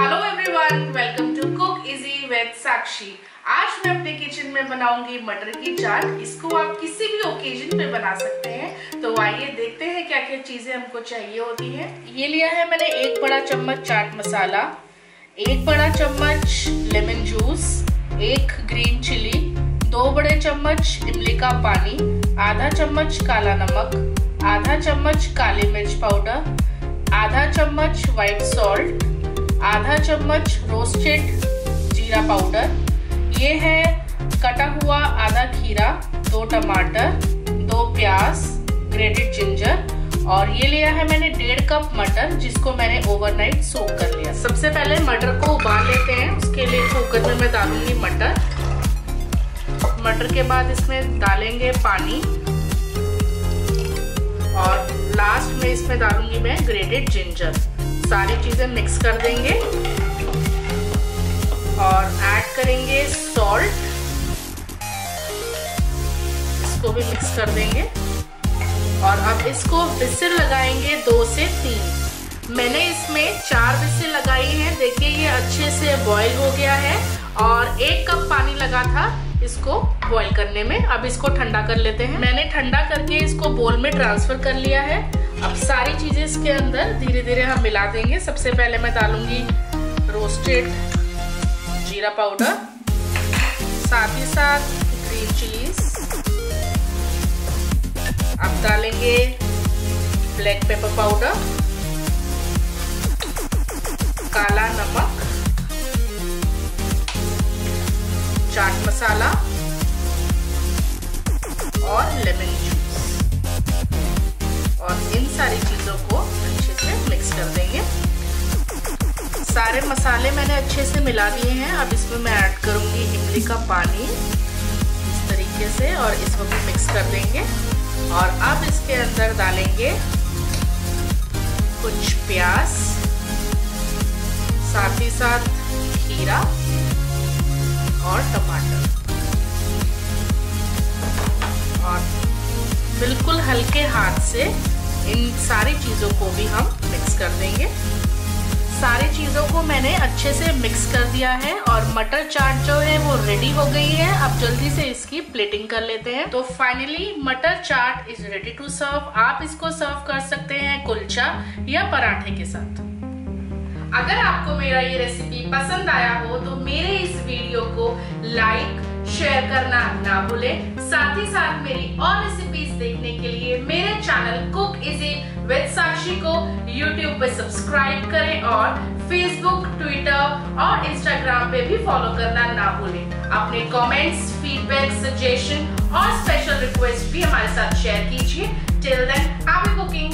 hello everyone welcome to cook easy with Sakshi आज मैं अपने किचन में बनाऊंगी मटर की चाट इसको आप किसी भी ओकेजन पे बना सकते हैं तो आइए देखते हैं क्या क्या चीजें हमको चाहिए होती हैं ये लिया है मैंने एक बड़ा चम्मच चाट मसाला एक बड़ा चम्मच लेमन जूस एक ग्रीन चिली दो बड़े चम्मच इमली का पानी आधा चम्मच काला नमक आधा चम्मच काली मिर्च पाउडर आधा चम्मच व्हाइट सॉल्ट आधा चम्मच रोस्टेड जीरा पाउडर ये है कटा हुआ आधा खीरा दो टमाटर दो प्याज ग्रेटेड जिंजर और ये लिया है मैंने डेढ़ कप मटर जिसको मैंने ओवरनाइट सोक कर लिया सबसे पहले मटर को उबाल लेते हैं उसके लिए कुकर में मैं डालूंगी मटर मटर के बाद इसमें डालेंगे पानी और लास्ट में इसमें डालूंगी मैं ग्रेटेड जिंजर सारी चीज़ें मिक्स कर देंगे और ऐड करेंगे सॉल्ट इसको भी मिक्स कर देंगे और अब इसको बिस्सिल लगाएंगे दो से तीन मैंने इसमें चार बिस्से लगाई हैं देखिए ये अच्छे से बॉईल हो गया है और एक कप पानी लगा था इसको बॉईल करने में अब इसको ठंडा कर लेते हैं मैंने ठंडा करके इसको बोल में ट्रांसफर कर लिया है चीज़ें इसके अंदर धीरे धीरे हम मिला देंगे सबसे पहले मैं डालूंगी रोस्टेड जीरा पाउडर साथ ही साथ ग्रीन चिलीज अब डालेंगे ब्लैक पेपर पाउडर काला नमक चाट मसाला और लेमन जूस सारे मसाले मैंने अच्छे से मिला दिए हैं अब इसमें मैं ऐड करूँगी इमली का पानी इस तरीके से और इसको भी मिक्स कर देंगे और अब इसके अंदर डालेंगे कुछ प्याज साथ ही साथ खीरा और टमाटर और बिल्कुल हल्के हाथ से इन सारी चीज़ों को भी हम मिक्स कर देंगे सारी चीज़ों को मैंने अच्छे से मिक्स कर दिया है और मटर चाट जो है वो रेडी हो गई है अब जल्दी से इसकी प्लेटिंग कर लेते हैं तो फाइनली मटर चाट इज रेडी टू सर्व आप इसको सर्व कर सकते हैं कुलचा या पराठे के साथ अगर आपको मेरा ये रेसिपी पसंद आया हो तो मेरे इस वीडियो को लाइक शेयर करना ना भूले साथ ही साथ मेरी और रेसिपी देखने के लिए मेरे channel cook easy with Sakshi को यूट्यूब पे सब्सक्राइब करें और फेसबुक ट्विटर और इंस्टाग्राम पे भी फॉलो करना ना भूलें अपने कमेंट्स, फीडबैक सजेशन और स्पेशल रिक्वेस्ट भी हमारे साथ शेयर कीजिए टिल देन हैप्पी कुकिंग